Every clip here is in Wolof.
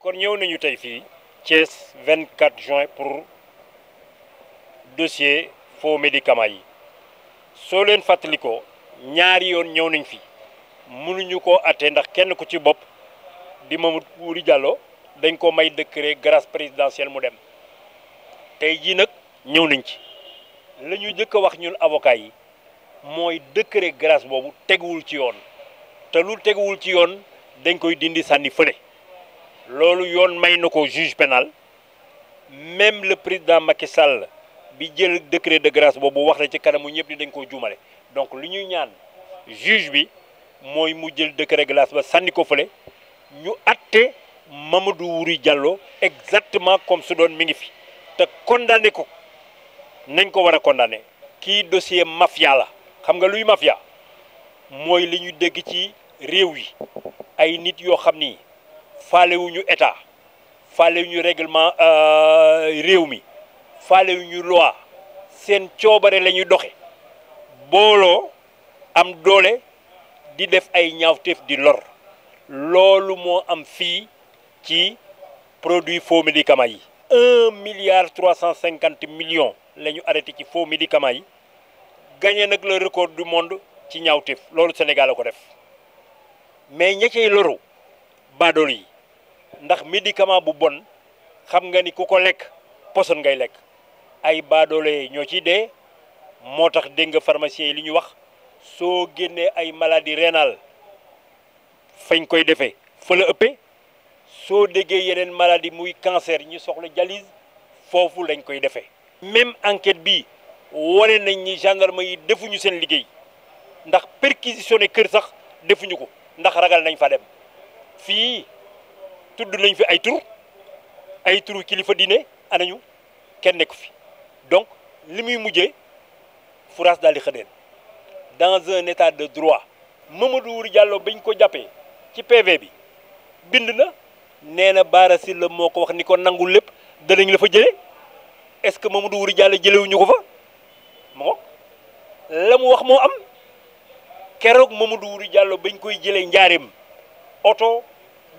kon ñëw nañu tey fii Thiès 24 juin pour dossier faux médicament yi soo leen fàttalikoo ñaari yoon ñëw nañ fi mënuñu ko atte ndax kenn ku ci bopp di Mamadou Boury Diallo dañ ko may décret grâce présidentielle mu dem tey jii nag ñëw nañ ci la ñuy njëkk a wax ñun avocat yi moy décret grâce bobu Ce ci yoon te lu ci yoon dañ koy dindi sanni feulé lolu juge pénal même le président Macky Sall bi jël décret de grâce bobu wax na ci kanamu ñepp ni dañ donc li ñuy ñaan juge bi moy mu jël décret grâce ba sanni ko nous ñu Mamadou Diallo exactement comme su doon mi ngi fi te condamné ko nañ ko condamné dossier mafia xam nga luy mafia mooy li ñu dégg ci réew yi ay nit yoo xam ni faalewuñu état faalewuñu règlement euh, réew mi faalewuñu loi seen coobare la ñuy doxe booloo am doole di def ay ñaawteef di lor loolu moo am fii ci produit faux médicaments yi un milliard trois cent cinquante millions la ñu arrêté ci faux médicaments yi gagné nag le record du monde ci ñaawteef loolu Sénégal ko def mais ña cay loru baadool yi ndax médicament bu bon xam nga ni poson ngay lek ay baadoole ñoo ciy dee moo tax So nga pharmacien yi li ñu wax soo génnee ay maladie rénale fañ koy defee fa la ëppee soo déggee yeneen maladie muy cancer ñu soxla dialyse foofu lañ koy defee même enquête bi wane nañ ni ma yi defuñu seen liggéey ndax perquisitionné kër sax defuñu ko ndax ragal nañ fa dem fii tudd nañ fi ay tur ay turu kilifa diine anañu kenn nekku fi donc li muy mujje furaas daal di xëdeen dans un état de droit mëma du Wuri jàlloo bañ ko jàppee ci PV bi bind na nee na Bara Sylla moo ko wax ni ko nangul lépp danañ la fa jëlee est-ce que Mamadou Wuri Diallo jëlewuñu ko fa la mu wax moo am keroog Mamadou Wuri Diallo bañ koy jëlee njaareem oto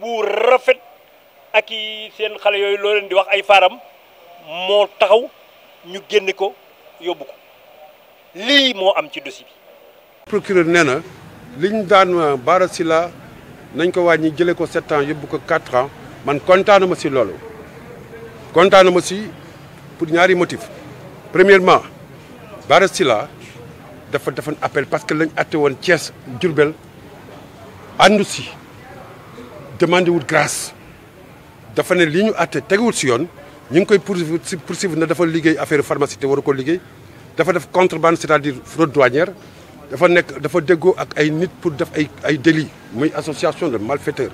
bu rafet ak i seen xale yooyu loo leen di wax ay faaram moo taxaw ñu génne ko yóbbu ko lii moo am ci dossier bi. procureur nee na liñ daan Bara Sylla nañ ko wàññi jëlee ko sept ans yóbbu ko quatre ans man kontaan ma si loolu kontaan ma si pour ñaari motif premièrement Bara dafa defoon appel parce que lañ atte woon Thiès Diourbel àndu si demandé wul grâce dafa ne li ñu atte teguwul si yoon ñu ngi koy poursuivre poursuivre na dafa liggéey affaire pharmacie te waru ko liggéey dafa def contrebande c'est-à-dire fraude douanière dafa nekk dafa déggoo ak ay nit pour def ay ay délits muy association de malfaiteurs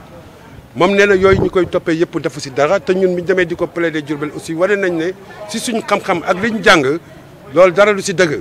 moom nee na yooyu ñu koy toppee yëpp defu si dara te ñun mi demee di ko plaider Diourbel aussi wane nañ ne si suñu xam-xam ak li ñu jàng loolu dara lu si dëgg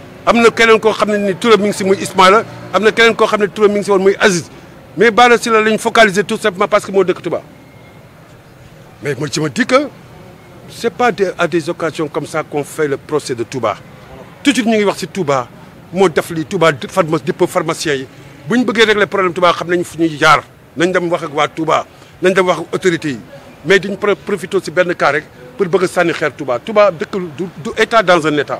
amna na keneen koo xam ne ni turam mi ngi si muy Ismaïla amna keneen koo xam ne turam mi ngi si woon muy Aziz mais Bara Sylla lañ focaliser tout simplement parce que moo dëkk Touba mais moi ci ma dis que c' est pas à des occasions comme ça qu'on fait le procès de Touba de ñu ngi wax si Touba moo def lii Touba pharma dëpp pharmacien yi bu ñu bëggee régler problème Touba xam nañ fu ñuy jaar nañ dem wax ak waa Touba nañ dem wax ak autorités yi mais diñ profité si benn cas rek pour bëgg a sànni xeer Touba Touba dëkk du état dans un état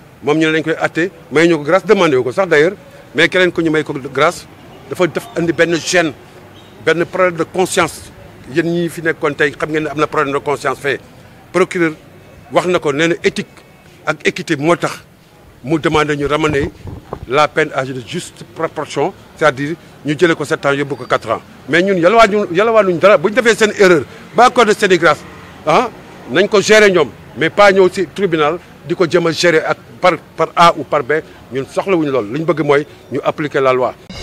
mom ñu lañ koy mais may grâce demandé ko d'ailleurs mais keneen ko ñu may grâce dafa def andi problème de conscience ñi fi xam ngeen de conscience Fait procureur éthique ak équité motax mu ramener la peine à juste proportion c'est-à-dire ñu jëlé ko 7 ans quatre ans mais ñun yalla yalla dara erreur ba accord de ah, nañ ko gérer mais pas ci tribunal diko ko gérer ak par par A ou par B ñun soxlawuñu loolu li ñu bëgg moy ñu appliquer la loi